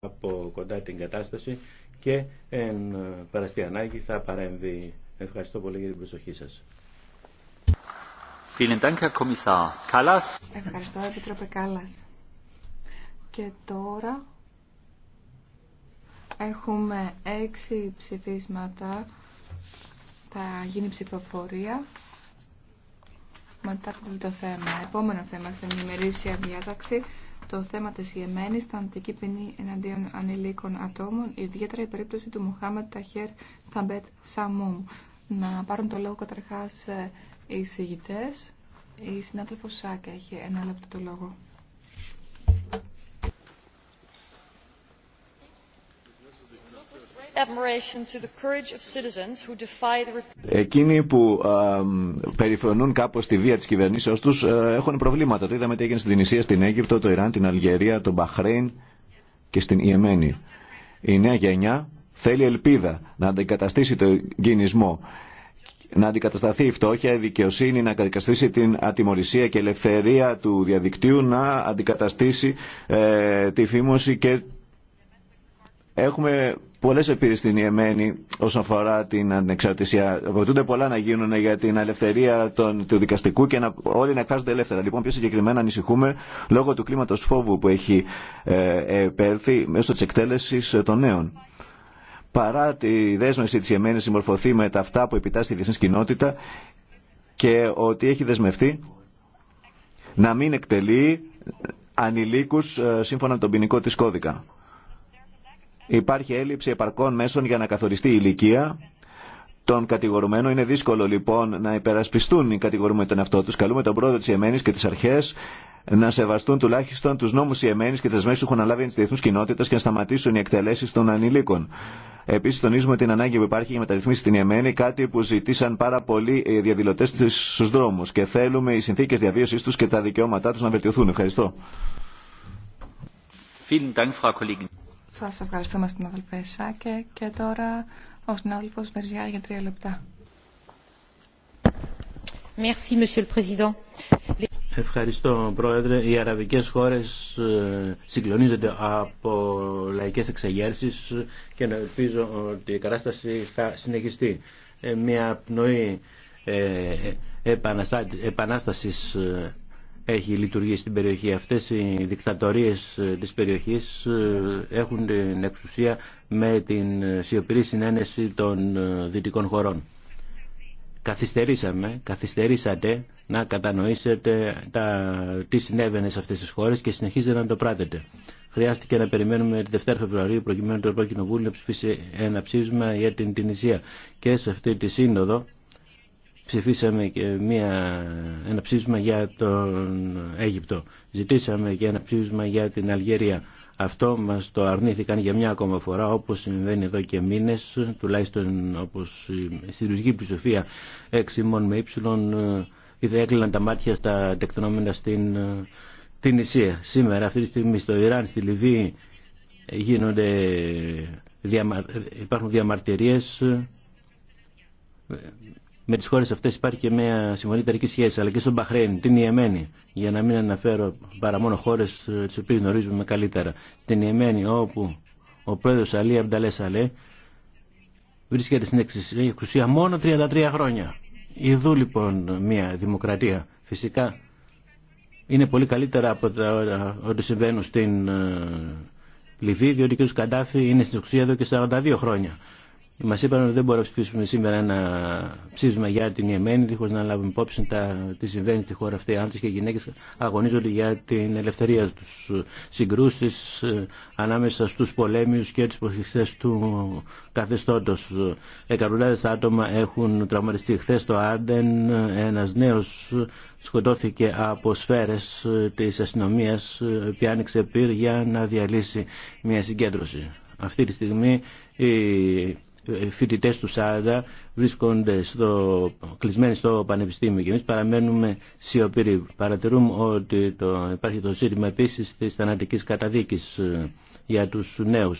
από κοντά την κατάσταση και εν παραστή ανάγκη θα παρέμβει. Ευχαριστώ πολύ για την προσοχή σας. Ευχαριστώ, Επίτροπε Κάλλας. Και τώρα έχουμε έξι ψηφίσματα. Θα γίνει ψηφοφορία μετά από το θέμα. Επόμενο θέμα στην ημερήσια διάταξη το θέμα της Ιεμένης, αντική ποινή εναντίον ανηλίκων ατόμων, ιδιαίτερα η περίπτωση του Μουχάμετ Ταχέρ Θαμπέτ Σαμούμ. Να πάρουν το λόγο καταρχάς ε, οι συγητές. Η συνάδελφος Σάκα έχει ένα λεπτό το λόγο. Εκείνοι που περιφρονούν κάπως τη βία της κυβερνήσεως τους ε, έχουν προβλήματα. Το είδαμε τι έγινε στην Τινησία, στην Αίγυπτο, το Ιράν, την Αλγερία, τον Μπαχρέιν και στην Ιεμένη. Η νέα γενιά θέλει ελπίδα να αντικαταστήσει τον κινησμό να αντικατασταθεί η φτώχεια, η δικαιοσύνη, να αντικαταστήσει την ατιμορρησία και ελευθερία του διαδικτύου, να αντικαταστήσει ε, τη φήμωση και έχουμε πολλέ επίδειε στην Ιεμένη όσον αφορά την ανεξαρτησία. Βοηθούνται πολλά να γίνουν για την ελευθερία των, του δικαστικού και να, όλοι να εκφράζονται ελεύθερα. Λοιπόν, πιο συγκεκριμένα ανησυχούμε λόγω του κλίματο φόβου που έχει ε, μέσω τη εκτέλεση των νέων. Παρά τη δέσμευση τη Ιεμένη συμμορφωθεί με τα αυτά που επιτάσσει η διεθνή κοινότητα και ότι έχει δεσμευτεί να μην εκτελεί ανηλίκους ε, σύμφωνα με τον ποινικό της κώδικα. Υπάρχει έλλειψη επαρκών μέσων για να καθοριστεί η ηλικία των κατηγορουμένων. Είναι δύσκολο λοιπόν να υπερασπιστούν οι κατηγορούμενοι τον εαυτό του. Καλούμε τον πρόεδρο τη Εμένη και τι αρχέ να σεβαστούν τουλάχιστον του νόμου Ιεμένη και τι δεσμεύσει που έχουν αναλάβει τι διεθνού κοινότητε και να σταματήσουν οι εκτελέσει των ανηλίκων. Επίση, τονίζουμε την ανάγκη που υπάρχει για μεταρρυθμίσει στην Ιεμένη, κάτι που ζητήσαν πάρα πολλοί ε, διαδηλωτέ στου δρόμου και θέλουμε οι συνθήκε διαβίωσή του και τα δικαιώματά του να βελτιωθούν. Ευχαριστώ. Σας ευχαριστούμε στην αδελφέ Σάκε και τώρα ο συνάδελφος Μερζιά για τρία λεπτά. Ευχαριστώ Πρόεδρε. Οι αραβικές χώρες ε, συγκλονίζονται από λαϊκές εξεγέρσεις και ελπίζω ότι η κατάσταση θα συνεχιστεί. Ε, μια πνοή ε, επανάστασης έχει λειτουργήσει στην περιοχή. Αυτές οι δικτατορίες ε, της περιοχής ε, έχουν την εξουσία με την ε, σιωπηρή συνένεση των δυτικών χωρών. Καθυστερήσαμε, καθυστερήσατε να κατανοήσετε τα, τι συνέβαινε σε αυτές τις χώρες και συνεχίζετε να το πράτετε. Χρειάστηκε να περιμένουμε τη Δευτέρα Φεβρουαρίου προκειμένου το Ευρωπαϊκό Κοινοβούλιο να ψηφίσει ένα ψήφισμα για την Τινησία. Και σε αυτή τη σύνοδο ψηφίσαμε και μια, ένα ψήφισμα για τον Αίγυπτο. Ζητήσαμε και ένα ψήφισμα για την Αλγερία. Αυτό μας το αρνήθηκαν για μια ακόμα φορά όπως συμβαίνει εδώ και μήνες, τουλάχιστον όπως η συλλογική πλησοφία μόν με ύψιλον είδε έκλειναν τα μάτια στα τεκτονόμενα στην ε, την Ισία. Σήμερα αυτή τη στιγμή στο Ιράν, στη Λιβύη γίνονται, υπάρχουν διαμαρτυρίες ε, με τι χώρε αυτέ υπάρχει και μια συμφωνία εταιρική σχέση, αλλά και στον Μπαχρέιν, την Ιεμένη, για να μην αναφέρω παρά μόνο χώρε ε, τι οποίε γνωρίζουμε καλύτερα. Στην Ιεμένη, όπου ο πρόεδρο Αλή Αμπταλέ Σαλέ βρίσκεται στην εξουσία μόνο 33 χρόνια. Ιδού λοιπόν μια δημοκρατία. Φυσικά είναι πολύ καλύτερα από τα ό,τι συμβαίνουν στην ε, Λιβύη, διότι ο κ. Καντάφη είναι στην εξουσία εδώ και 42 χρόνια. Μα είπαν ότι δεν μπορούμε να ψηφίσουμε σήμερα ένα ψήφισμα για την Ιεμένη, δίχω να λάβουμε υπόψη τα, τι συμβαίνει στη χώρα αυτή. Άντρε και γυναίκε αγωνίζονται για την ελευθερία ε, του. Συγκρούσει ανάμεσα στου πολέμιου και τι προσεχθέ του καθεστώτο. Εκατοντάδε άτομα έχουν τραυματιστεί. Χθε στο Άντεν ένα νέο σκοτώθηκε από σφαίρε τη αστυνομία που άνοιξε πυρ για να διαλύσει μια συγκέντρωση. Αυτή τη στιγμή ε, Φοιτητέ του ΣΑΔΑ βρίσκονται στο, κλεισμένοι στο πανεπιστήμιο και εμεί παραμένουμε σιωπηροί. Παρατηρούμε ότι το, υπάρχει το ζήτημα επίση της θανατικής καταδίκης ε, για του νέου.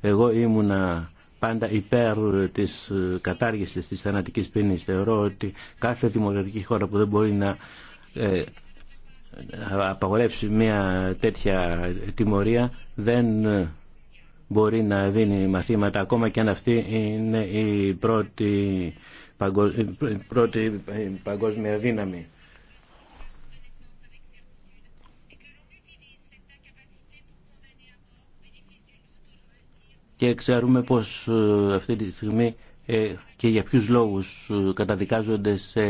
Εγώ ήμουνα πάντα υπέρ της ε, κατάργησης της θανατικής ποινή. Θεωρώ ότι κάθε δημοκρατική χώρα που δεν μπορεί να ε, απαγορεύσει μια τέτοια τιμωρία δεν μπορεί να δίνει μαθήματα ακόμα και αν αυτή είναι η πρώτη, παγκόσμια δύναμη. Και ξέρουμε πως ε, αυτή τη στιγμή ε, και για ποιους λόγους ε, καταδικάζονται σε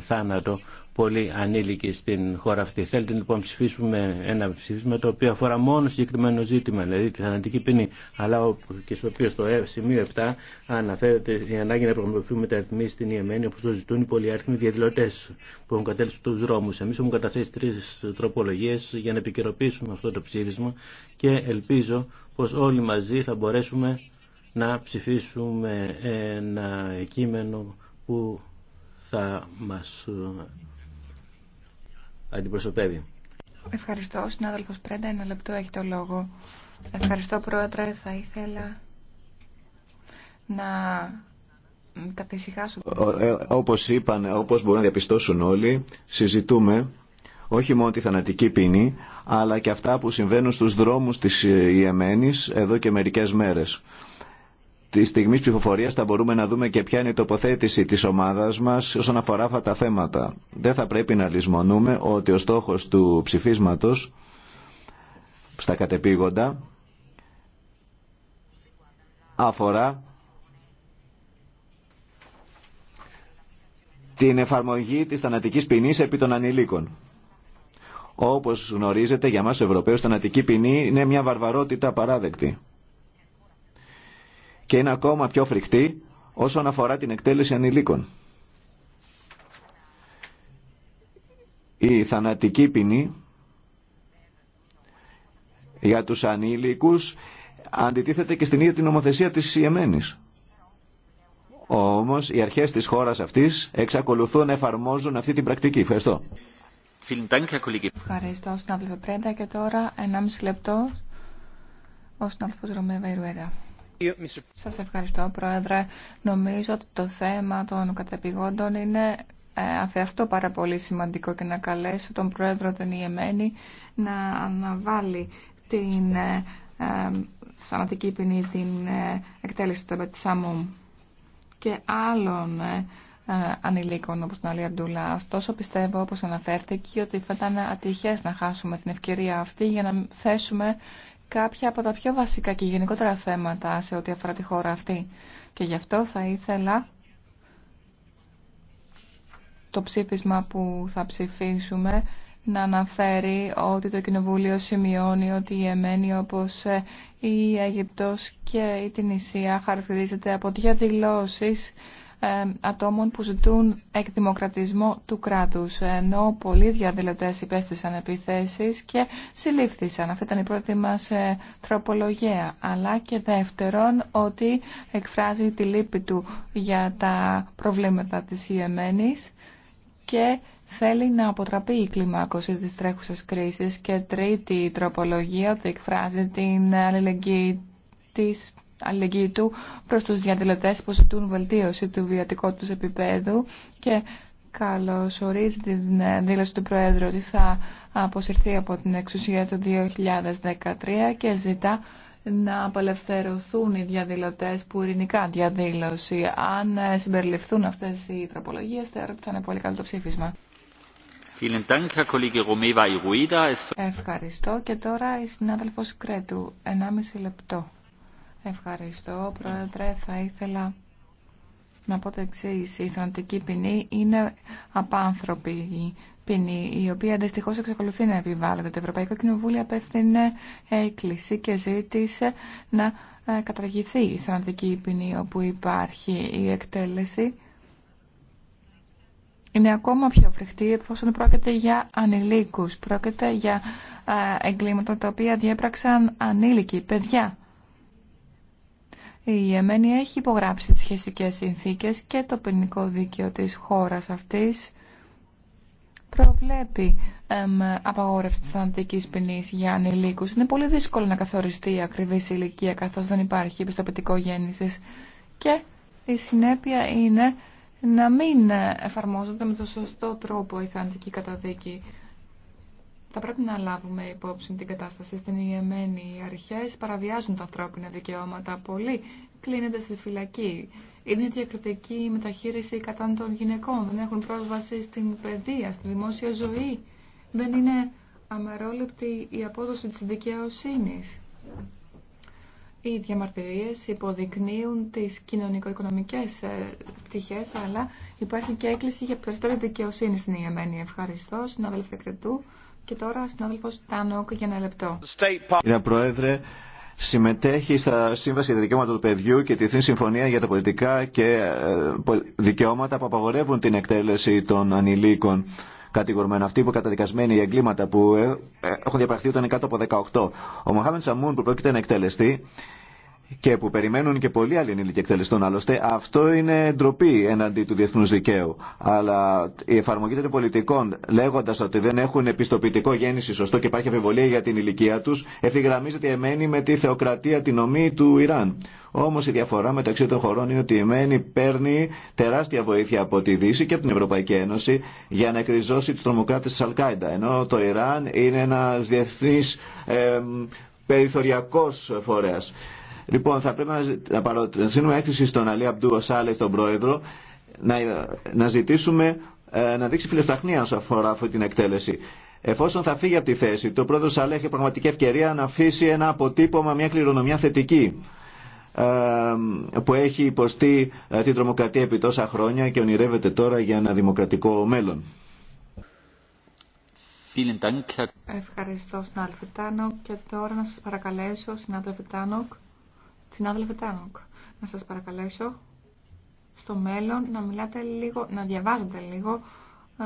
θάνατο πολύ ανήλικοι στην χώρα αυτή. Θέλετε λοιπόν ψηφίσουμε ένα ψήφισμα το οποίο αφορά μόνο συγκεκριμένο ζήτημα, δηλαδή τη θανατική ποινή, αλλά και στο οποίο στο ε- σημείο 7 αναφέρεται η ανάγκη να τα αριθμίσει στην Ιεμένη όπω το ζητούν οι πολυάριθμοι διαδηλωτέ που έχουν κατέληξει του δρόμου. Εμεί έχουμε καταθέσει τρει τροπολογίε για να επικαιροποιήσουμε αυτό το ψήφισμα και ελπίζω πω όλοι μαζί θα μπορέσουμε να ψηφίσουμε ένα κείμενο που θα μας αντιπροσωπεύει. Ευχαριστώ. Ο συνάδελφος Πρέντα, ένα λεπτό έχει το λόγο. Ευχαριστώ, Πρόεδρε. Θα ήθελα να καθησυχάσω. Ε, όπως είπαν, όπως μπορούν να διαπιστώσουν όλοι, συζητούμε όχι μόνο τη θανατική ποινή, αλλά και αυτά που συμβαίνουν στους δρόμους της ε, Ιεμένης εδώ και μερικές μέρες τη στιγμή ψηφοφορία θα μπορούμε να δούμε και ποια είναι η τοποθέτηση τη ομάδα μα όσον αφορά αυτά τα θέματα. Δεν θα πρέπει να λησμονούμε ότι ο στόχο του ψηφίσματο στα κατεπήγοντα αφορά την εφαρμογή της θανατικής ποινή επί των ανηλίκων. Όπως γνωρίζετε για μας Ευρωπαίους θανατική ποινή είναι μια βαρβαρότητα παράδεκτη και είναι ακόμα πιο φρικτή όσον αφορά την εκτέλεση ανηλίκων. Η θανατική ποινή για τους ανήλικους αντιτίθεται και στην ίδια την ομοθεσία της Ιεμένης. Όμως οι αρχές της χώρας αυτής εξακολουθούν να εφαρμόζουν αυτή την πρακτική. Ευχαριστώ. Ευχαριστώ, στην Πρέντα. Και τώρα, 1,5 λεπτό, ο την σας ευχαριστώ, Πρόεδρε. Νομίζω ότι το θέμα των κατεπηγόντων είναι ε, αυτό πάρα πολύ σημαντικό και να καλέσω τον Πρόεδρο τον Ιεμένη να αναβάλει την ε, ε θανατική ποινή, την ε, εκτέλεση του Μπετσάμου και άλλων ε, ανηλίκων όπως τον Αλή Αμπτούλα. Ωστόσο πιστεύω όπως αναφέρθηκε ότι θα ήταν ατυχές να χάσουμε την ευκαιρία αυτή για να θέσουμε κάποια από τα πιο βασικά και γενικότερα θέματα σε ό,τι αφορά τη χώρα αυτή. Και γι' αυτό θα ήθελα το ψήφισμα που θα ψηφίσουμε να αναφέρει ότι το Κοινοβούλιο σημειώνει ότι η Εμένη όπως ε, η Αιγυπτός και η Τινησία χαρακτηρίζεται από διαδηλώσει. Ε, ατόμων που ζητούν εκδημοκρατισμό του κράτους, ενώ πολλοί διαδηλωτές υπέστησαν επιθέσεις και συλλήφθησαν. Αυτή ήταν η πρώτη μας ε, τροπολογία. Αλλά και δεύτερον ότι εκφράζει τη λύπη του για τα προβλήματα της Ιεμένης και θέλει να αποτραπεί η κλιμάκωση της τρέχουσας κρίσης και τρίτη τροπολογία ότι εκφράζει την αλληλεγγύη αλληλεγγύη του προς τους διαδηλωτές που ζητούν βελτίωση του βιωτικού τους επίπεδου και καλωσορίζει την ε, δήλωση του Προέδρου ότι θα αποσυρθεί από την εξουσία του 2013 και ζητά να απελευθερωθούν οι διαδηλωτές που ειρηνικά διαδήλωση. Αν ε, συμπεριληφθούν αυτές οι τροπολογίες, θεωρώ ότι θα είναι πολύ καλό το ψήφισμα. Ευχαριστώ και τώρα η συνάδελφος Κρέτου, 1,5 λεπτό. Ευχαριστώ, Πρόεδρε. Θα ήθελα να πω το εξή. Η θανατική ποινή είναι απάνθρωπη ποινή, η οποία αντιστοιχώ εξακολουθεί να επιβάλλεται. Το Ευρωπαϊκό Κοινοβούλιο απέφθινε έκκληση και ζήτησε να ε, καταργηθεί η θανατική ποινή όπου υπάρχει η εκτέλεση. Είναι ακόμα πιο φρικτή εφόσον πρόκειται για ανηλίκους, πρόκειται για ε, εγκλήματα τα οποία διέπραξαν ανήλικοι, παιδιά. Η Εμένη έχει υπογράψει τις σχετικές συνθήκες και το ποινικό δίκαιο της χώρας αυτής προβλέπει εμ, απαγόρευση της θανατικής ποινής για ανηλίκους. Είναι πολύ δύσκολο να καθοριστεί η ακριβής ηλικία καθώς δεν υπάρχει επιστοποιητικό γέννησης και η συνέπεια είναι να μην εφαρμόζονται με τον σωστό τρόπο η θανατική καταδίκη. Θα πρέπει να λάβουμε υπόψη την κατάσταση στην Ιεμένη. Οι αρχέ παραβιάζουν τα ανθρώπινα δικαιώματα. Πολλοί κλείνονται στη φυλακή. Είναι διακριτική η μεταχείριση κατά των γυναικών. Δεν έχουν πρόσβαση στην παιδεία, στη δημόσια ζωή. Δεν είναι αμερόληπτη η απόδοση της δικαιοσύνης. Οι διαμαρτυρίες υποδεικνύουν τις κοινωνικο-οικονομικές ε, πτυχές, αλλά υπάρχει και έκκληση για περισσότερη δικαιοσύνη στην Ιεμένη. Ευχαριστώ, συναδελφέ Κρετού. Και τώρα συνάδελφο Τάνοκ για ένα λεπτό. Κύριε Πρόεδρε, συμμετέχει στα Σύμβαση για τα Δικαιώματα του Παιδιού και τη Εθνή Συμφωνία για τα Πολιτικά και ε, Δικαιώματα που απαγορεύουν την εκτέλεση των ανηλίκων κατηγορμένα. Αυτοί που καταδικασμένοι για εγκλήματα που ε, ε, έχουν διαπραχθεί όταν είναι κάτω από 18. Ο Μοχάμεν Σαμούν που πρόκειται να εκτελεστεί και που περιμένουν και πολλοί άλλοι ενήλικοι εκτελεστών άλλωστε, αυτό είναι ντροπή εναντί του διεθνούς δικαίου. Αλλά η εφαρμογή των πολιτικών λέγοντα ότι δεν έχουν επιστοποιητικό γέννηση σωστό και υπάρχει αμφιβολία για την ηλικία του, ευθυγραμμίζεται η Εμένη με τη θεοκρατία την ομή του Ιράν. Όμω η διαφορά μεταξύ των χωρών είναι ότι η Εμένη παίρνει τεράστια βοήθεια από τη Δύση και από την Ευρωπαϊκή Ένωση για να εκριζώσει του τρομοκράτε τη Αλκάιντα. Ενώ το Ιράν είναι ένα διεθνή ε, περιθωριακός Λοιπόν, θα πρέπει να παρατηρήσουμε έκθεση στον Αλή Αμπτού Ασάλε, τον πρόεδρο, να, να ζητήσουμε ε, να δείξει φιλεφταχνία όσον αφορά αυτή την εκτέλεση. Εφόσον θα φύγει από τη θέση, το πρόεδρο Σαλέ έχει πραγματική ευκαιρία να αφήσει ένα αποτύπωμα, μια κληρονομιά θετική ε, που έχει υποστεί ε, την τρομοκρατία επί τόσα χρόνια και ονειρεύεται τώρα για ένα δημοκρατικό μέλλον. Ευχαριστώ, συνάδελφε Τάνοκ. Και τώρα να σας παρακαλέσω, συνάδελφε Τάνοκ, Συνάδελφε Τάνοκ, να σας παρακαλέσω στο μέλλον να μιλάτε λίγο, να διαβάζετε λίγο ε,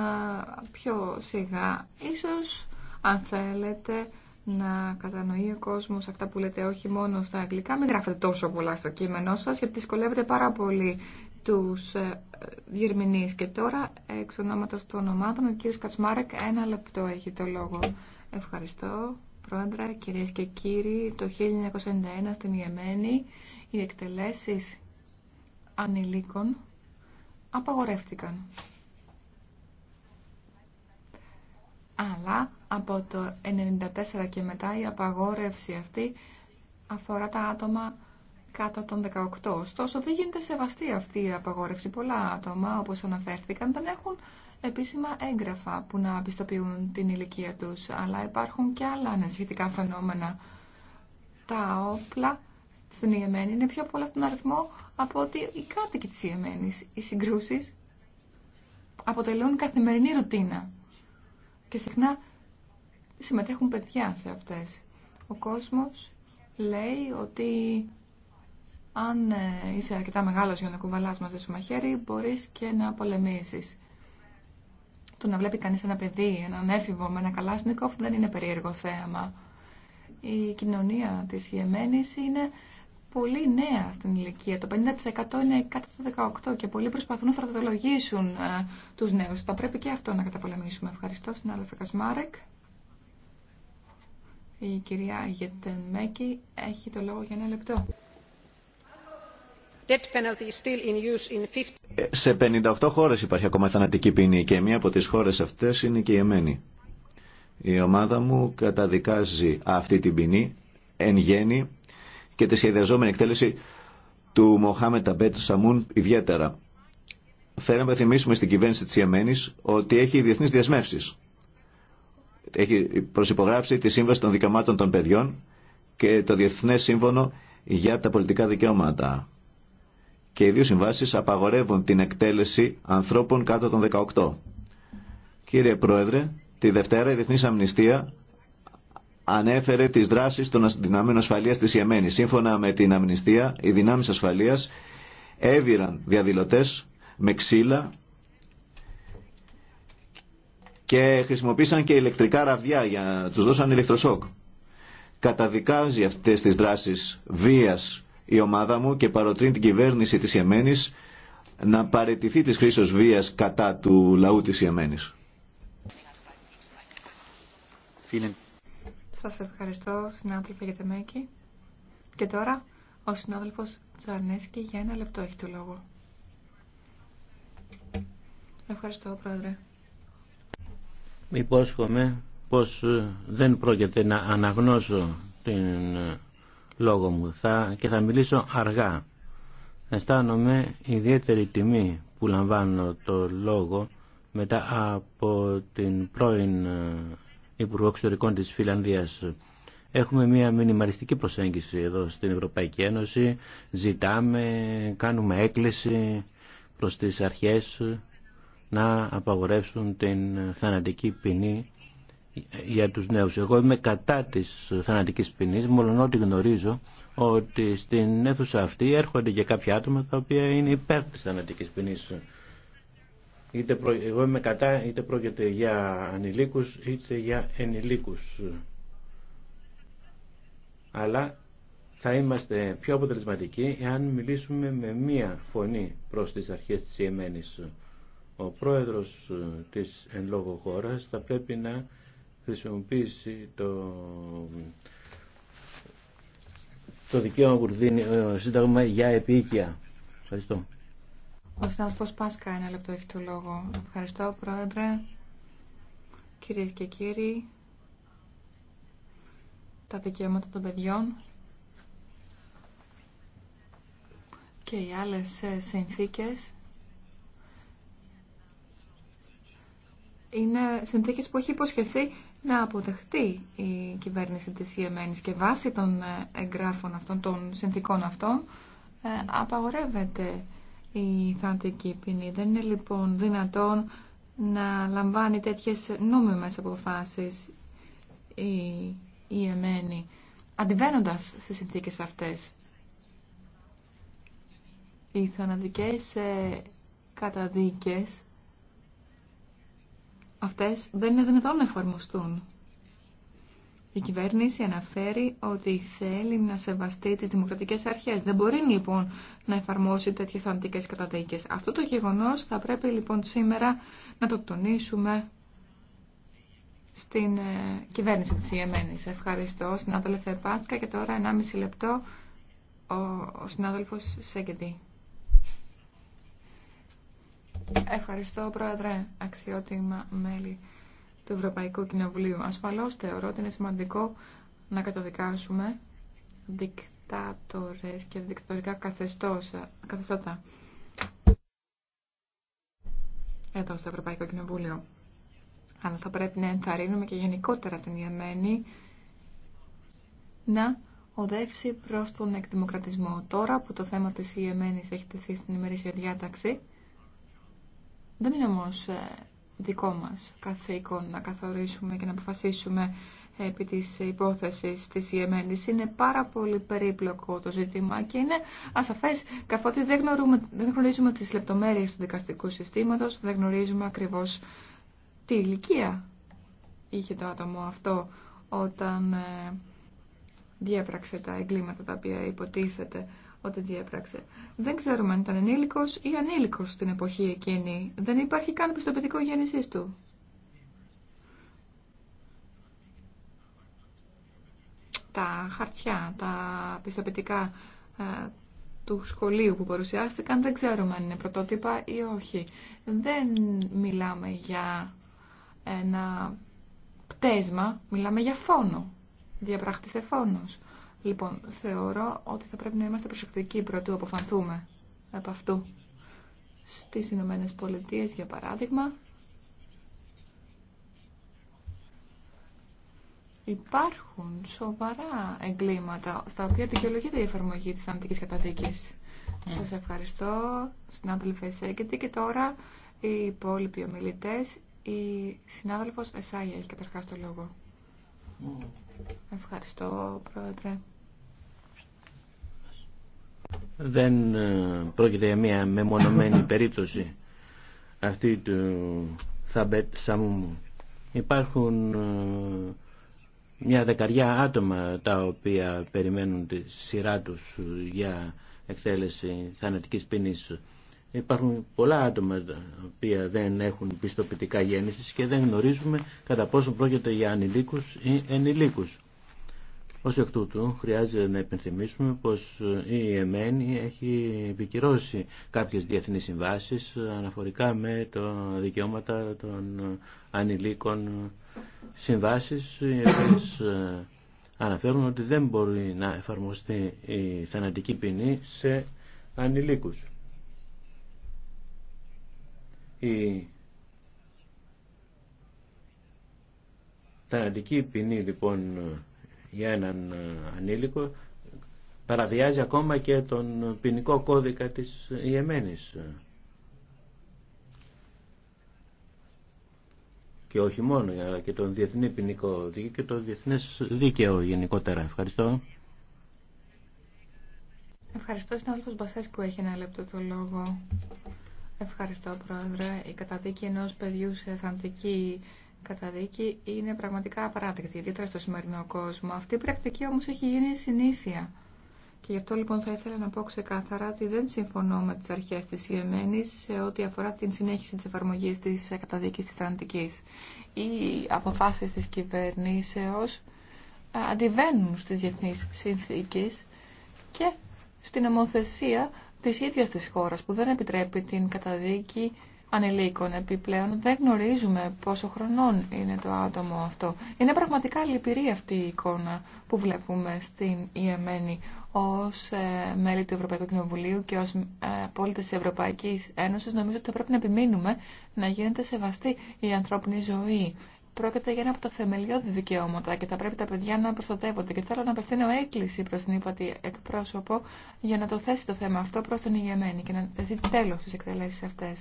πιο σιγά. Ίσως αν θέλετε να κατανοεί ο κόσμος αυτά που λέτε όχι μόνο στα αγγλικά, μην γράφετε τόσο πολλά στο κείμενό σας γιατί δυσκολεύετε πάρα πολύ τους ε, διερμηνείς. Και τώρα, εξ ονόματος των ομάδων, ο κύριος Κατσμάρεκ ένα λεπτό έχει το λόγο. Ευχαριστώ. Πρόεδρε, κυρίες και κύριοι, το 1991 στην Ιεμένη οι εκτελέσεις ανηλίκων απαγορεύτηκαν. Αλλά από το 1994 και μετά η απαγόρευση αυτή αφορά τα άτομα κάτω των 18. Ωστόσο δεν γίνεται σεβαστή αυτή η απαγόρευση. Πολλά άτομα όπως αναφέρθηκαν δεν έχουν επίσημα έγγραφα που να πιστοποιούν την ηλικία τους, αλλά υπάρχουν και άλλα ανασχετικά φαινόμενα. Τα όπλα στην Ιεμένη είναι πιο πολλά στον αριθμό από ότι οι κάτοικοι της Ιεμένης. Οι συγκρούσεις αποτελούν καθημερινή ρουτίνα και συχνά συμμετέχουν παιδιά σε αυτές. Ο κόσμος λέει ότι αν είσαι αρκετά μεγάλος για να κουβαλάς μαζί σου μαχαίρι, μπορείς και να πολεμήσεις. Το να βλέπει κανείς ένα παιδί, έναν έφηβο με ένα καλάσνικοφ δεν είναι περίεργο θέαμα. Η κοινωνία της Ιεμένης είναι πολύ νέα στην ηλικία. Το 50% είναι κάτω το 18% και πολλοί προσπαθούν να στρατολογήσουν ε, τους νέους. Θα πρέπει και αυτό να καταπολεμήσουμε. Ευχαριστώ στην Κασμάρεκ. Η κυρία Γετεμέκη έχει το λόγο για ένα λεπτό. Ε, σε 58 χώρες υπάρχει ακόμα θανατική ποινή και μία από τις χώρες αυτές είναι και η Εμένη. Η ομάδα μου καταδικάζει αυτή την ποινή εν γέννη και τη σχεδιαζόμενη εκτέλεση του Μοχάμετ Αμπέτ Σαμούν ιδιαίτερα. Θέλουμε να θυμίσουμε στην κυβέρνηση της Ιεμένης ότι έχει διεθνείς διασμεύσεις. Έχει προσυπογράψει τη Σύμβαση των Δικαιωμάτων των Παιδιών και το Διεθνές Σύμφωνο για τα Πολιτικά Δικαιώματα και οι δύο συμβάσει απαγορεύουν την εκτέλεση ανθρώπων κάτω των 18. Κύριε Πρόεδρε, τη Δευτέρα η Διεθνή Αμνηστία ανέφερε τις δράσεις των δυνάμεων ασφαλεία τη Ιεμένης. Σύμφωνα με την αμνηστία, οι δυνάμεις ασφαλείας έδιραν διαδηλωτέ με ξύλα και χρησιμοποίησαν και ηλεκτρικά ραβδιά για να τους δώσαν ηλεκτροσόκ. Καταδικάζει αυτές τις δράσεις βίας η ομάδα μου και παροτρύνει την κυβέρνηση της Ιεμένης να παρετηθεί της χρήσης βίας κατά του λαού της Ιεμένης. Σας ευχαριστώ συνάδελφε Γετεμέκη. Και τώρα ο συνάδελφος Τζανέσκι για ένα λεπτό έχει το λόγο. Ευχαριστώ πρόεδρε. Υπόσχομαι πως ε, δεν πρόκειται να αναγνώσω την ε, λόγο μου θα, και θα μιλήσω αργά. Αισθάνομαι ιδιαίτερη τιμή που λαμβάνω το λόγο μετά από την πρώην ε, Υπουργό Εξωτερικών της Φιλανδίας. Έχουμε μια μινιμαριστική προσέγγιση εδώ στην Ευρωπαϊκή Ένωση. Ζητάμε, κάνουμε έκκληση προς τις αρχές να απαγορεύσουν την θανατική ποινή για τους νέους. Εγώ είμαι κατά της θανατικής ποινής, μόλον ότι γνωρίζω ότι στην αίθουσα αυτή έρχονται και κάποια άτομα τα οποία είναι υπέρ της θανατικής ποινής. Είτε Εγώ είμαι κατά, είτε πρόκειται για ανηλίκους, είτε για ενηλίκους. Αλλά θα είμαστε πιο αποτελεσματικοί εάν μιλήσουμε με μία φωνή προς τις αρχές της Ιεμένης. Ο πρόεδρος της εν λόγω χώρας θα πρέπει να χρησιμοποιήσει το, το δικαίωμα που δίνει ε, ο Σύνταγμα για επίοικια. Ευχαριστώ. Ο πως Πάσκα ένα λεπτό έχει το λόγο. Ευχαριστώ Πρόεδρε, κυρίε και κύριοι, τα δικαιώματα των παιδιών και οι άλλες ε, συνθήκες είναι συνθήκες που έχει υποσχεθεί να αποδεχτεί η κυβέρνηση της Ιεμένης και βάσει των ε, εγγράφων αυτών, των συνθήκων αυτών, ε, απαγορεύεται η θαντική ποινή. Δεν είναι λοιπόν δυνατόν να λαμβάνει τέτοιες νόμιμες αποφάσεις η Ιεμένη, αντιβαίνοντας στις συνθήκες αυτές. Οι θανατικές ε, καταδίκες αυτές δεν είναι δυνατόν να εφαρμοστούν. Η κυβέρνηση αναφέρει ότι θέλει να σεβαστεί τις δημοκρατικές αρχές. Δεν μπορεί λοιπόν να εφαρμόσει τέτοιες θαντικές καταδίκες. Αυτό το γεγονός θα πρέπει λοιπόν σήμερα να το τονίσουμε στην ε, κυβέρνηση της Ιεμένης. Ευχαριστώ, συνάδελφε Πάσκα και τώρα 1,5 λεπτό ο, ο συνάδελφος Σέγκεντη. Ευχαριστώ, Πρόεδρε, αξιότιμα μέλη του Ευρωπαϊκού Κοινοβουλίου. Ασφαλώς θεωρώ ότι είναι σημαντικό να καταδικάσουμε δικτάτορες και δικτατορικά καθεστώτα εδώ στο Ευρωπαϊκό Κοινοβούλιο. Αλλά θα πρέπει να ενθαρρύνουμε και γενικότερα την Ιεμένη να οδεύσει προς τον εκδημοκρατισμό. Τώρα που το θέμα της Ιεμένης έχει τεθεί στην ημερήσια διάταξη, δεν είναι όμως ε, δικό μας καθήκον να καθορίσουμε και να αποφασίσουμε ε, επί τη υπόθεση της Ιεμένη. Είναι πάρα πολύ περίπλοκο το ζήτημα και είναι ασαφέ, καθότι δεν, γνωρίζουμε, δεν γνωρίζουμε τις λεπτομέρειες του δικαστικού συστήματος, δεν γνωρίζουμε ακριβώς τι ηλικία είχε το άτομο αυτό όταν ε, διέπραξε τα εγκλήματα τα οποία υποτίθεται ότι διέπραξε. Δεν ξέρουμε αν ήταν ενήλικος ή ανήλικο στην εποχή εκείνη. Δεν υπάρχει καν πιστοποιητικό γέννησή του. Τα χαρτιά, τα πιστοποιητικά ε, του σχολείου που παρουσιάστηκαν δεν ξέρουμε αν είναι πρωτότυπα ή όχι. Δεν μιλάμε για ένα πτέσμα, μιλάμε για φόνο. Διαπράχτησε φόνος. Λοιπόν, θεωρώ ότι θα πρέπει να είμαστε προσεκτικοί πρωτού αποφανθούμε από αυτού. Στις Ηνωμένε Πολιτείε, για παράδειγμα, υπάρχουν σοβαρά εγκλήματα στα οποία δικαιολογείται η εφαρμογή της θανατικής καταδίκης. Ναι. Σας ευχαριστώ, συνάδελφε Σέγκετη. Και τώρα οι υπόλοιποι ομιλητές, η συνάδελφος Εσάγια έχει καταρχάς το λόγο. Ευχαριστώ, Πρόεδρε. Δεν ε, πρόκειται για μια μεμονωμένη περίπτωση αυτή του Θαμπέτ Σαμούμου. Υπάρχουν ε, μια δεκαριά άτομα τα οποία περιμένουν τη σειρά τους για εκτέλεση θανατικής ποινής. Υπάρχουν πολλά άτομα τα οποία δεν έχουν πιστοποιητικά γέννηση και δεν γνωρίζουμε κατά πόσο πρόκειται για ανηλίκους ή ενηλίκους. Ως εκ τούτου χρειάζεται να υπενθυμίσουμε πως η ΕΜΕΝΗ έχει επικυρώσει κάποιες διεθνείς συμβάσεις αναφορικά με τα δικαιώματα των ανηλίκων συμβάσεις οι οποίες ε, αναφέρουν ότι δεν μπορεί να εφαρμοστεί η θανατική ποινή σε ανηλίκους. Η θανατική ποινή λοιπόν για έναν ανήλικο παραβιάζει ακόμα και τον ποινικό κώδικα της Ιεμένης. Και όχι μόνο, αλλά και τον διεθνή ποινικό δίκαιο και το διεθνές δίκαιο γενικότερα. Ευχαριστώ. Ευχαριστώ. Συνάδελφος Μπασέσκου έχει ένα λεπτό το λόγο. Ευχαριστώ, Πρόεδρε. Η καταδίκη ενός παιδιού σε θαντική καταδίκη είναι πραγματικά απαράδεκτη, ιδιαίτερα στο σημερινό κόσμο. Αυτή η πρακτική όμω έχει γίνει συνήθεια. Και γι' αυτό λοιπόν θα ήθελα να πω ξεκάθαρα ότι δεν συμφωνώ με τις αρχές τη Ιεμένη σε ό,τι αφορά την συνέχιση της εφαρμογής της καταδίκης της θαντική. Οι αποφάσεις της κυβερνήσεω ε, αντιβαίνουν στι διεθνεί συνθήκε και στην ομοθεσία της ίδιας της χώρας που δεν επιτρέπει την καταδίκη ανηλίκων. Επιπλέον δεν γνωρίζουμε πόσο χρονών είναι το άτομο αυτό. Είναι πραγματικά λυπηρή αυτή η εικόνα που βλέπουμε στην Ιεμένη ως ε, μέλη του Ευρωπαϊκού Κοινοβουλίου και ως ε, πόλη της Ευρωπαϊκής Ένωσης. Νομίζω ότι θα πρέπει να επιμείνουμε να γίνεται σεβαστή η ανθρώπινη ζωή πρόκειται για ένα από τα θεμελιώδη δικαιώματα και θα πρέπει τα παιδιά να προστατεύονται. Και θέλω να απευθύνω έκκληση προ την ύπατη εκπρόσωπο για να το θέσει το θέμα αυτό προ τον ηγεμένη και να θεθεί τέλο στι εκτελέσει αυτέ.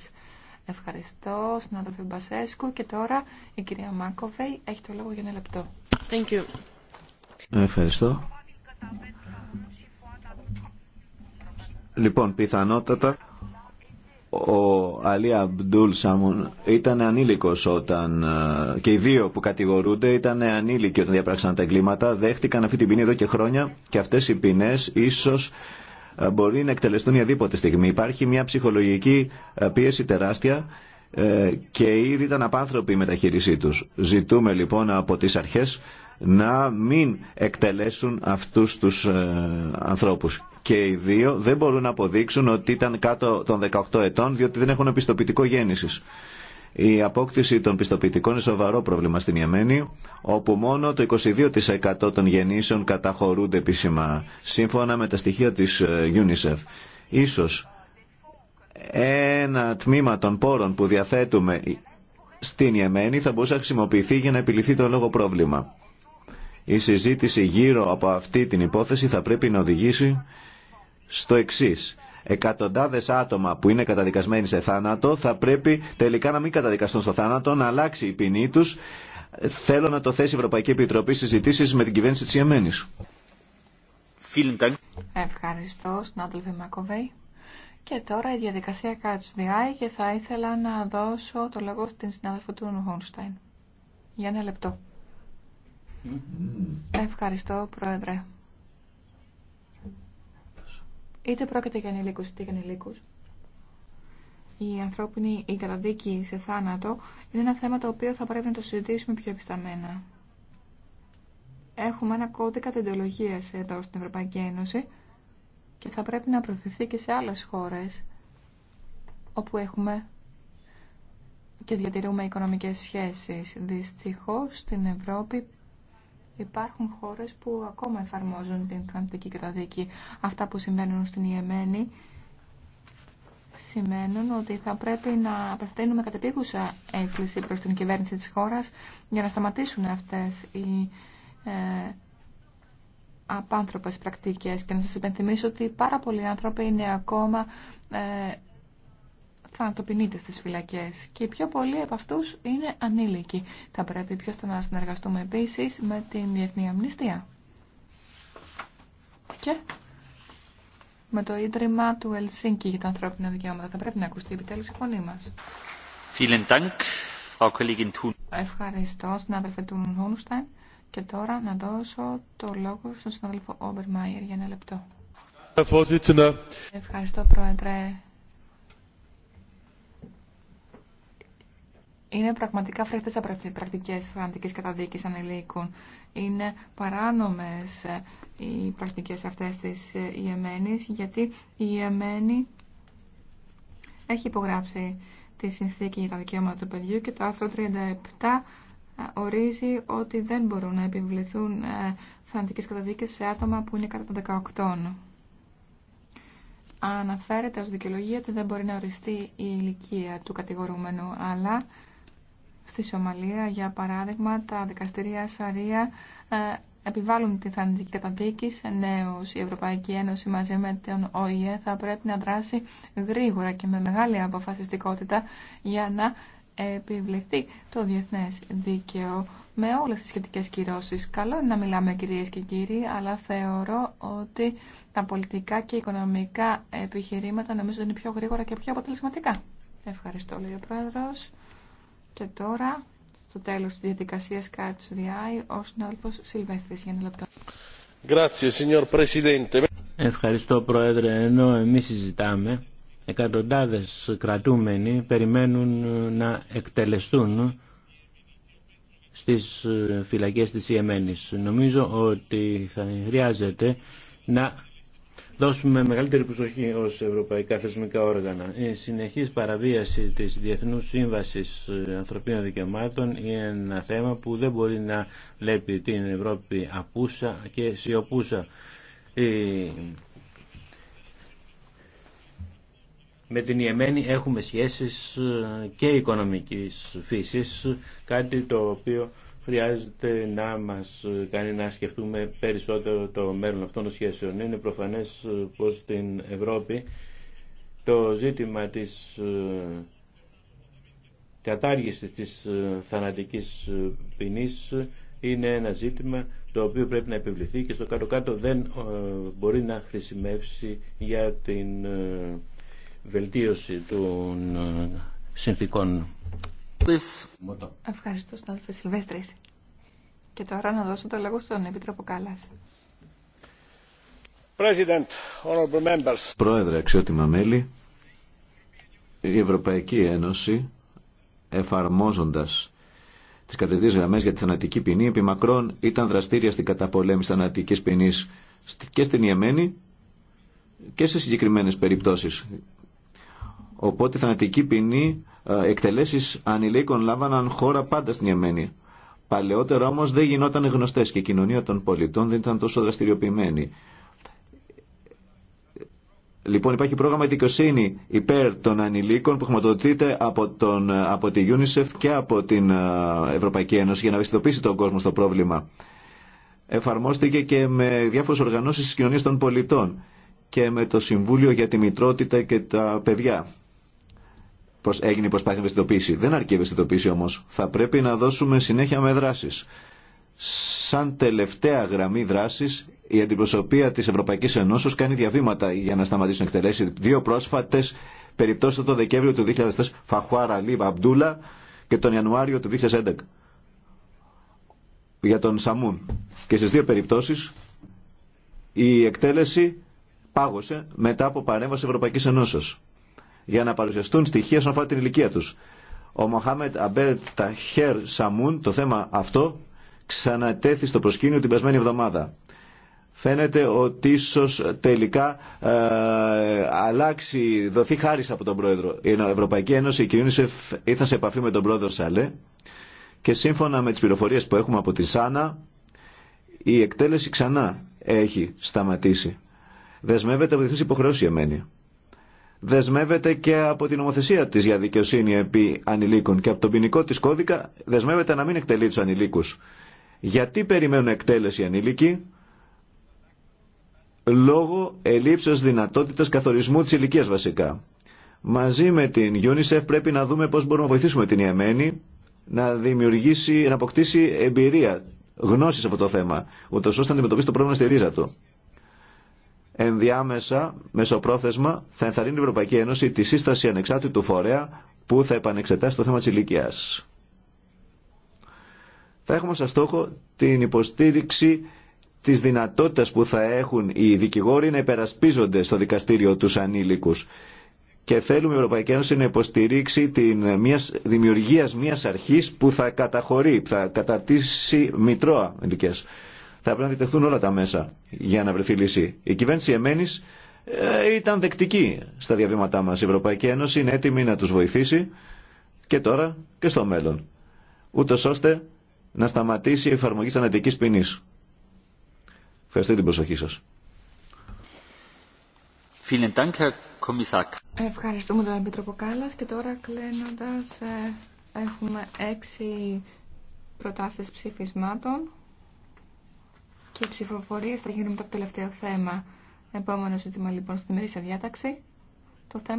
Ευχαριστώ, συνάδελφε Μπασέσκου. Και τώρα η κυρία Μάκοβεϊ έχει το λόγο για ένα λεπτό. Thank you. Ευχαριστώ. Λοιπόν, πιθανότατα ο Αλή Αμπντούλ Σαμουν ήταν ανήλικος όταν ε, και οι δύο που κατηγορούνται ήταν ανήλικοι όταν διαπράξαν τα εγκλήματα δέχτηκαν αυτή την ποινή εδώ και χρόνια και αυτές οι ποινές ίσως ε, μπορεί να εκτελεστούν οποιαδήποτε στιγμή υπάρχει μια ψυχολογική ε, πίεση τεράστια και ήδη ήταν απάνθρωποι η μεταχείρισή τους ζητούμε λοιπόν από τις αρχές να μην εκτελέσουν αυτούς τους ανθρώπους και οι δύο δεν μπορούν να αποδείξουν ότι ήταν κάτω των 18 ετών διότι δεν έχουν πιστοποιητικό γέννησης. Η απόκτηση των πιστοποιητικών είναι σοβαρό πρόβλημα στην Ιεμένη, όπου μόνο το 22% των γεννήσεων καταχωρούνται επίσημα, σύμφωνα με τα στοιχεία της ε, UNICEF. Ίσως ένα τμήμα των πόρων που διαθέτουμε στην Ιεμένη θα μπορούσε να χρησιμοποιηθεί για να επιληθεί το λόγο πρόβλημα. Η συζήτηση γύρω από αυτή την υπόθεση θα πρέπει να οδηγήσει στο εξή. Εκατοντάδες άτομα που είναι καταδικασμένοι σε θάνατο θα πρέπει τελικά να μην καταδικαστούν στο θάνατο, να αλλάξει η ποινή τους. Θέλω να το θέσει η Ευρωπαϊκή Επιτροπή συζητήσεις με την κυβέρνηση της Ιεμένης. Ευχαριστώ, συνάδελφε Μακοβέη. Και τώρα η διαδικασία κατσδιάει και θα ήθελα να δώσω το λόγο στην συνάδελφο του Χόνσταϊν. Για ένα λεπτό. Ευχαριστώ, Πρόεδρε. Είτε πρόκειται για ανηλίκους είτε για ανηλίκους. Η ανθρώπινη η καταδίκη σε θάνατο είναι ένα θέμα το οποίο θα πρέπει να το συζητήσουμε πιο επισταμένα. Έχουμε ένα κώδικα τεντολογίας εδώ στην Ευρωπαϊκή Ένωση και θα πρέπει να προωθηθεί και σε άλλες χώρες όπου έχουμε και διατηρούμε οικονομικές σχέσεις. Δυστυχώς στην Ευρώπη Υπάρχουν χώρες που ακόμα εφαρμόζουν την θανατική καταδίκη. Αυτά που συμβαίνουν στην Ιεμένη σημαίνουν ότι θα πρέπει να απευθύνουμε κατεπίγουσα έκκληση προς την κυβέρνηση της χώρας για να σταματήσουν αυτές οι ε, απάνθρωπες πρακτικές. Και να σας υπενθυμίσω ότι πάρα πολλοί άνθρωποι είναι ακόμα ε, ποινείται στις φυλακές και οι πιο πολλοί από αυτούς είναι ανήλικοι. Θα πρέπει πιο στο να συνεργαστούμε επίσης με την Διεθνή Αμνηστία. Και με το Ίδρυμα του Ελσίνκη για τα ανθρώπινα δικαιώματα. Θα πρέπει να ακουστεί επιτέλους η φωνή μας. Ευχαριστώ, συνάδελφε του Και τώρα να δώσω το λόγο στον συνάδελφο Όμπερ Μάιερ για ένα λεπτό. Ευχαριστώ, Πρόεδρε. είναι πραγματικά φρέχτες πρακτικές θανατικής καταδίκης ανηλίκων. Είναι παράνομες ε, οι πρακτικές αυτές της ε, Ιεμένης, γιατί η Ιεμένη έχει υπογράψει τη συνθήκη για τα δικαιώματα του παιδιού και το άρθρο 37 ε, ορίζει ότι δεν μπορούν να επιβληθούν θανατικές καταδίκες σε άτομα που είναι κατά των 18. Αναφέρεται ως δικαιολογία ότι δεν μπορεί να οριστεί η ηλικία του κατηγορούμενου, αλλά Στη Σομαλία, για παράδειγμα, τα δικαστηρία Σαρία ε, επιβάλλουν τη θανατική καταδίκη σε νέου Η Ευρωπαϊκή Ένωση μαζί με τον ΟΗΕ θα πρέπει να δράσει γρήγορα και με μεγάλη αποφασιστικότητα για να επιβληθεί το διεθνέ δίκαιο με όλε τι σχετικέ κυρώσει. Καλό είναι να μιλάμε κυρίε και κύριοι, αλλά θεωρώ ότι τα πολιτικά και οικονομικά επιχειρήματα νομίζω είναι πιο γρήγορα και πιο αποτελεσματικά. Ευχαριστώ, λέει ο πρόεδρο. Και τώρα, στο τέλος της διαδικασίας κάτω στο ο συνάδελφος Σιλβέστης για ένα λεπτό. Ευχαριστώ Πρόεδρε, ενώ εμείς συζητάμε, εκατοντάδες κρατούμενοι περιμένουν ε, να εκτελεστούν στις ε, φυλακές της Ιεμένης. Νομίζω ότι θα χρειάζεται να δώσουμε μεγαλύτερη προσοχή ως ευρωπαϊκά θεσμικά όργανα. Η συνεχής παραβίαση της Διεθνούς Σύμβασης Ανθρωπίνων Δικαιωμάτων είναι ένα θέμα που δεν μπορεί να βλέπει την Ευρώπη απούσα και σιωπούσα. Με την Ιεμένη έχουμε σχέσεις και οικονομικής φύσης, κάτι το οποίο χρειάζεται να μας ε, κάνει να σκεφτούμε περισσότερο το μέλλον αυτών των σχέσεων. Είναι προφανές ε, πως στην Ευρώπη το ζήτημα της ε, κατάργησης της θανατικής ποινής είναι ένα ζήτημα το οποίο πρέπει να επιβληθεί και στο κάτω-κάτω δεν μπορεί να χρησιμεύσει για την βελτίωση των συνθήκων Ευχαριστώ, Στάλφε Σιλβέστρη. Και τώρα να δώσω το λόγο στον Επίτροπο Κάλλα. Πρόεδρε, αξιότιμα μέλη, η Ευρωπαϊκή Ένωση εφαρμόζοντας τις κατευθύνσεις γραμμές για τη θανατική ποινή επί μακρόν ήταν δραστήρια στην καταπολέμηση θανατικής ποινής και στην Ιεμένη και σε συγκεκριμένες περιπτώσεις. Οπότε η θανατική ποινή ε, εκτελέσεις ανηλίκων λάβαναν χώρα πάντα στην Ιεμένη. Παλαιότερα όμως δεν γινόταν γνωστές και η κοινωνία των πολιτών δεν ήταν τόσο δραστηριοποιημένη. Λοιπόν, υπάρχει πρόγραμμα δικαιοσύνη υπέρ των ανηλίκων που χρηματοδοτείται από, τον, από τη UNICEF και από την ε, Ευρωπαϊκή Ένωση για να ευαισθητοποιήσει τον κόσμο στο πρόβλημα. Εφαρμόστηκε και με διάφορες οργανώσεις της κοινωνίας των πολιτών και με το Συμβούλιο για τη Μητρότητα και τα Παιδιά. Πώς έγινε η προσπάθεια ευαισθητοποίηση. Δεν αρκεί η ευαισθητοποίηση όμω. Θα πρέπει να δώσουμε συνέχεια με δράσει. Σαν τελευταία γραμμή δράση, η αντιπροσωπεία τη Ευρωπαϊκή Ενώσεω κάνει διαβήματα για να σταματήσουν εκτελέσει. Δύο πρόσφατε περιπτώσει το Δεκέμβριο του 2004, Φαχουάρα Λίβα Αμπτούλα και τον Ιανουάριο του 2011 για τον Σαμούν. Και στις δύο περιπτώσεις η εκτέλεση πάγωσε μετά από παρέμβαση Ευρωπαϊκής Ενώσεως για να παρουσιαστούν στοιχεία σχετικά αφορά την ηλικία τους. Ο Μοχάμετ Αμπέτ Ταχέρ Σαμούν το θέμα αυτό ξανατέθη στο προσκήνιο την περασμένη εβδομάδα. Φαίνεται ότι ίσω τελικά ε, αλλάξει, δοθεί χάρη από τον πρόεδρο. Η Ευρωπαϊκή Ένωση και η UNICEF ήρθαν σε επαφή με τον πρόεδρο Σαλέ και σύμφωνα με τις πληροφορίες που έχουμε από τη ΣΑΝΑ η εκτέλεση ξανά έχει σταματήσει. Δεσμεύεται από διεθνείς υποχρεώσεις η Εμένη δεσμεύεται και από την νομοθεσία της για δικαιοσύνη επί ανηλίκων και από τον ποινικό της κώδικα δεσμεύεται να μην εκτελεί τους ανηλίκους. Γιατί περιμένουν εκτέλεση οι ανήλικοι λόγω ελλείψεως δυνατότητας καθορισμού της ηλικία βασικά. Μαζί με την UNICEF πρέπει να δούμε πώς μπορούμε να βοηθήσουμε την Ιεμένη να δημιουργήσει, να αποκτήσει εμπειρία, γνώση σε αυτό το θέμα, ούτως ώστε να αντιμετωπίσει το πρόβλημα στη ρίζα του. Ενδιάμεσα, μεσοπρόθεσμα, θα ενθαρρύνει η Ευρωπαϊκή Ένωση τη σύσταση ανεξάρτητου φορέα που θα επανεξετάσει το θέμα τη ηλικία. Θα έχουμε σαν στόχο την υποστήριξη της δυνατότητας που θα έχουν οι δικηγόροι να υπερασπίζονται στο δικαστήριο του ανήλικους. Και θέλουμε η Ευρωπαϊκή Ένωση να υποστηρίξει τη δημιουργία μια μιας που θα καταχωρεί, θα καταρτήσει μητρώα ηλικία. Θα πρέπει να διτεχθούν όλα τα μέσα για να βρεθεί λύση. Η κυβέρνηση εμένη ε, ήταν δεκτική στα διαβήματά μα. Η Ευρωπαϊκή Ένωση είναι έτοιμη να του βοηθήσει και τώρα και στο μέλλον. Ούτω ώστε να σταματήσει η εφαρμογή θανατική ποινή. Ευχαριστώ την προσοχή σα. Ευχαριστούμε τον Επίτροπο Κάλλας και τώρα ε, έχουμε έξι προτάσεις ψηφισμάτων και οι ψηφοφορίε θα γίνουν με το τελευταίο θέμα. Επόμενο ζήτημα λοιπόν στην ημερήσια διάταξη. Το θέμα